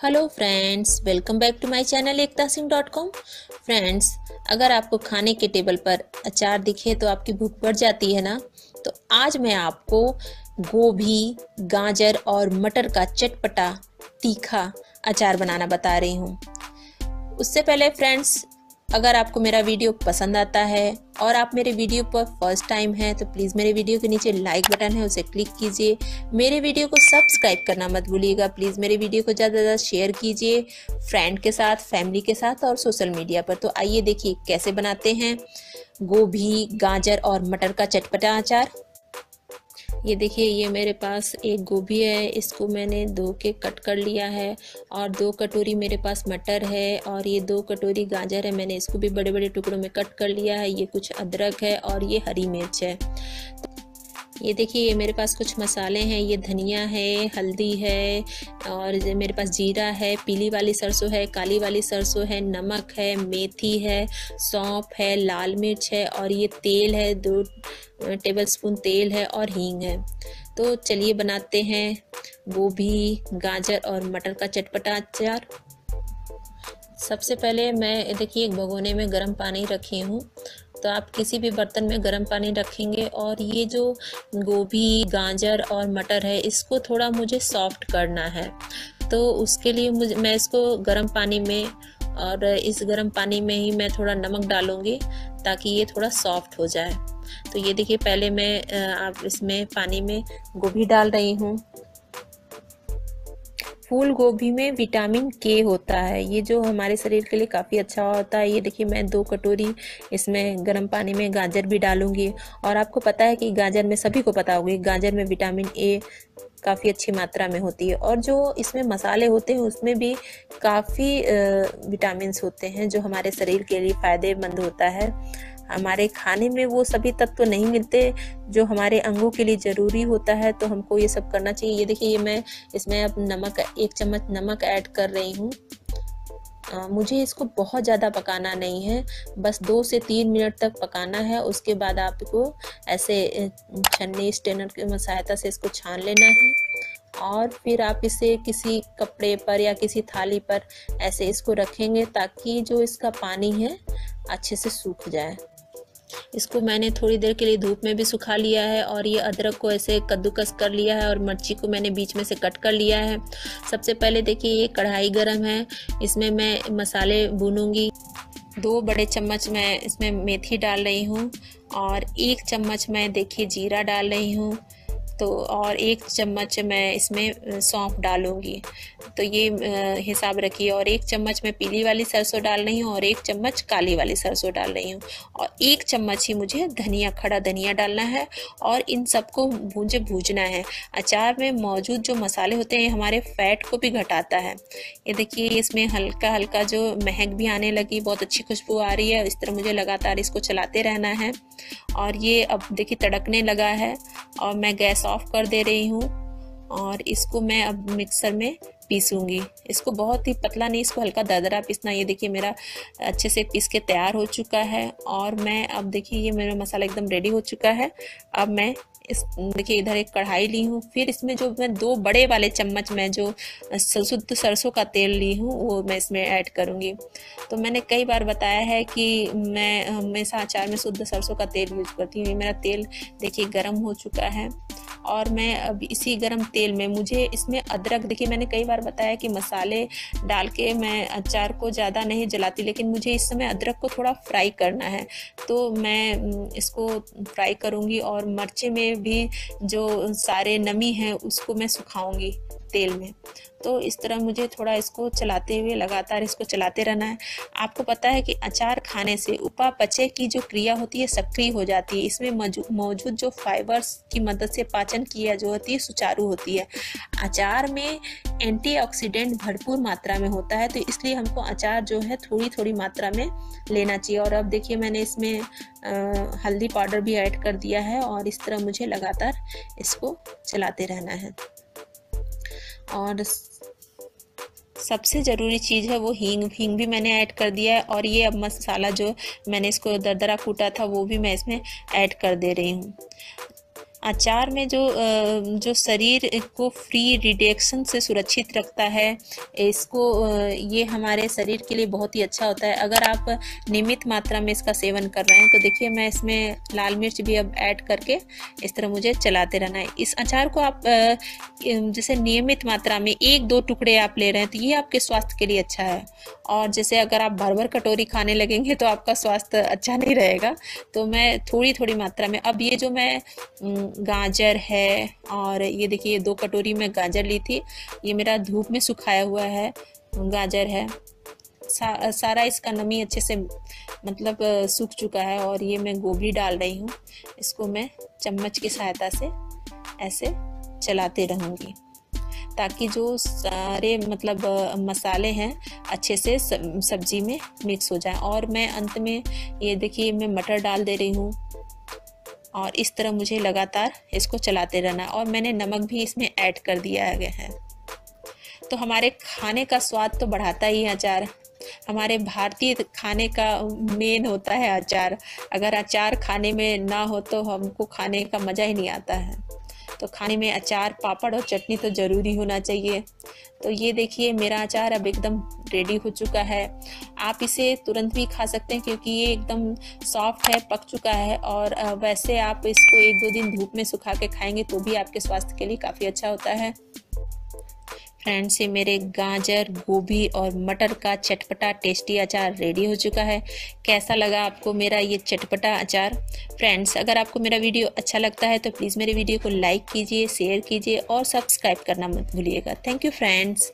hello friends welcome back to my channel Ekta Singh dot com friends अगर आपको खाने के टेबल पर अचार दिखे तो आपकी भूख बढ़ जाती है ना तो आज मैं आपको गोभी गाजर और मटर का चटपटा तीखा अचार बनाना बता रही हूँ उससे पहले फ्रेंड्स अगर आपको मेरा वीडियो पसंद आता है और आप मेरे वीडियो पर फर्स्ट टाइम हैं तो प्लीज़ मेरे वीडियो के नीचे लाइक बटन है उसे क्लिक कीजिए मेरे वीडियो को सब्सक्राइब करना मत भूलिएगा प्लीज़ मेरे वीडियो को ज़्यादा से ज़्यादा शेयर कीजिए फ्रेंड के साथ फैमिली के साथ और सोशल मीडिया पर तो आइए देखिए कैसे बनाते हैं गोभी गाजर और मटर का चटपटा अचार ये देखिए ये मेरे पास एक गोभी है इसको मैंने दो के कट कर लिया है और दो कटोरी मेरे पास मटर है और ये दो कटोरी गाजर है मैंने इसको भी बड़े बड़े टुकड़ों में कट कर लिया है ये कुछ अदरक है और ये हरी मिर्च है ये देखिए ये मेरे पास कुछ मसाले हैं ये धनिया है हल्दी है और मेरे पास जीरा है पीली वाली सरसों है काली वाली सरसों है नमक है मेथी है सौंफ है लाल मिर्च है और ये तेल है दो टेबल स्पून तेल है और हींग है तो चलिए बनाते हैं गोभी गाजर और मटर का चटपटा अचार सबसे पहले मैं देखिए एक भगोने में गर्म पानी रखी हूँ तो आप किसी भी बर्तन में गर्म पानी रखेंगे और ये जो गोभी गाजर और मटर है इसको थोड़ा मुझे सॉफ्ट करना है तो उसके लिए मुझे मैं इसको गर्म पानी में और इस गर्म पानी में ही मैं थोड़ा नमक डालूँगी ताकि ये थोड़ा सॉफ्ट हो जाए तो ये देखिए पहले मैं आप इसमें पानी में गोभी डाल रही हूँ फूल गोभी में विटामिन के होता है ये जो हमारे शरीर के लिए काफ़ी अच्छा होता है ये देखिए मैं दो कटोरी इसमें गर्म पानी में गाजर भी डालूंगी और आपको पता है कि गाजर में सभी को पता होगी गाजर में विटामिन ए काफ़ी अच्छी मात्रा में होती है और जो इसमें मसाले होते हैं उसमें भी काफ़ी विटामिन होते हैं जो हमारे शरीर के लिए फ़ायदेमंद होता है हमारे खाने में वो सभी तत्व तो नहीं मिलते जो हमारे अंगों के लिए ज़रूरी होता है तो हमको ये सब करना चाहिए ये देखिए ये मैं इसमें अब नमक एक चम्मच नमक ऐड कर रही हूँ मुझे इसको बहुत ज़्यादा पकाना नहीं है बस दो से तीन मिनट तक पकाना है उसके बाद आपको ऐसे छन्नी स्टेनर की सहायता से इसको छान लेना है और फिर आप इसे किसी कपड़े पर या किसी थाली पर ऐसे इसको रखेंगे ताकि जो इसका पानी है अच्छे से सूख जाए इसको मैंने थोड़ी देर के लिए धूप में भी सुखा लिया है और ये अदरक को ऐसे कद्दूकस कर लिया है और मिर्ची को मैंने बीच में से कट कर लिया है सबसे पहले देखिए ये कढ़ाई गर्म है इसमें मैं मसाले भूनूँगी दो बड़े चम्मच मैं इसमें मेथी डाल रही हूँ और एक चम्मच मैं देखिए जीरा डाल रही हूँ तो और एक चम्मच मैं इसमें सौंफ डालूँगी तो ये हिसाब रखिए और एक चम्मच मैं पीली वाली सरसों डाल रही हूँ और एक चम्मच काली वाली सरसों डाल रही हूँ और एक चम्मच ही मुझे धनिया खड़ा धनिया डालना है और इन सबको मुझे भूजना है अचार में मौजूद जो मसाले होते हैं हमारे फैट को भी घटाता है ये देखिए इसमें हल्का हल्का जो महक भी आने लगी बहुत अच्छी खुशबू आ रही है इस तरह मुझे लगातार इसको चलाते रहना है और ये अब देखिए तड़कने लगा है और मैं गैस सॉफ्ट कर दे रही हूँ और इसको मैं अब मिक्सर में पीसूंगी इसको बहुत ही पतला नहीं इसको हल्का दरदरा पीसना ये देखिए मेरा अच्छे से पीस के तैयार हो चुका है और मैं अब देखिए ये मेरा मसाला एकदम रेडी हो चुका है अब मैं इस देखिए इधर एक कढ़ाई ली हूँ फिर इसमें जो मैं दो बड़े वाले चम्मच में जो शुद्ध सरसों का तेल ली हूँ वो मैं इसमें ऐड करूँगी तो मैंने कई बार बताया है कि मैं हमेशा अचार में शुद्ध सरसों का तेल यूज करती हूँ ये मेरा तेल देखिए गर्म हो चुका है और मैं अब इसी गर्म तेल में मुझे इसमें अदरक देखिए मैंने कई बार बताया कि मसाले डाल के मैं अचार को ज़्यादा नहीं जलाती लेकिन मुझे इस समय अदरक को थोड़ा फ्राई करना है तो मैं इसको फ्राई करूँगी और मिर्चे में भी जो सारे नमी है उसको मैं सुखाऊँगी तेल में तो इस तरह मुझे थोड़ा इसको चलाते हुए लगातार इसको चलाते रहना है आपको पता है कि अचार खाने से उपापचय की जो क्रिया होती है सक्रिय हो जाती है इसमें मौजूद जो फाइबर्स की मदद से पाचन क्रिया जो होती है सुचारू होती है अचार में एंटीऑक्सीडेंट भरपूर मात्रा में होता है तो इसलिए हमको अचार जो है थोड़ी थोड़ी मात्रा में लेना चाहिए और अब देखिए मैंने इसमें हल्दी पाउडर भी ऐड कर दिया है और इस तरह मुझे लगातार इसको चलाते रहना है और सबसे ज़रूरी चीज़ है वो हींग हींग भी मैंने ऐड कर दिया है और ये अब मसाला जो मैंने इसको दरदरा कूटा था वो भी मैं इसमें ऐड कर दे रही हूँ अचार में जो जो शरीर को फ्री रिडेक्शन से सुरक्षित रखता है इसको ये हमारे शरीर के लिए बहुत ही अच्छा होता है अगर आप नियमित मात्रा में इसका सेवन कर रहे हैं तो देखिए मैं इसमें लाल मिर्च भी अब ऐड करके इस तरह मुझे चलाते रहना है इस अचार को आप जैसे नियमित मात्रा में एक दो टुकड़े आप ले रहे हैं तो ये आपके स्वास्थ्य के लिए अच्छा है और जैसे अगर आप भर भर कटोरी खाने लगेंगे तो आपका स्वास्थ्य अच्छा नहीं रहेगा तो मैं थोड़ी थोड़ी मात्रा में अब ये जो मैं गाजर है और ये देखिए ये दो कटोरी में गाजर ली थी ये मेरा धूप में सुखाया हुआ है गाजर है सा, सारा इसका नमी अच्छे से मतलब सूख चुका है और ये मैं गोभी डाल रही हूँ इसको मैं चम्मच की सहायता से ऐसे चलाते रहूँगी ताकि जो सारे मतलब मसाले हैं अच्छे से सब्जी में मिक्स हो जाए और मैं अंत में ये देखिए मैं मटर डाल दे रही हूँ और इस तरह मुझे लगातार इसको चलाते रहना और मैंने नमक भी इसमें ऐड कर दिया गया है तो हमारे खाने का स्वाद तो बढ़ाता ही अचार हमारे भारतीय खाने का मेन होता है अचार अगर अचार खाने में ना हो तो हमको खाने का मज़ा ही नहीं आता है तो खाने में अचार पापड़ और चटनी तो ज़रूरी होना चाहिए तो ये देखिए मेरा अचार अब एकदम रेडी हो चुका है आप इसे तुरंत भी खा सकते हैं क्योंकि ये एकदम सॉफ्ट है पक चुका है और वैसे आप इसको एक दो दिन धूप में सुखा के खाएंगे तो भी आपके स्वास्थ्य के लिए काफ़ी अच्छा होता है फ्रेंड्स ये मेरे गाजर गोभी और मटर का चटपटा टेस्टी अचार रेडी हो चुका है कैसा लगा आपको मेरा ये चटपटा अचार फ्रेंड्स अगर आपको मेरा वीडियो अच्छा लगता है तो प्लीज़ मेरे वीडियो को लाइक कीजिए शेयर कीजिए और सब्सक्राइब करना मत भूलिएगा थैंक यू फ्रेंड्स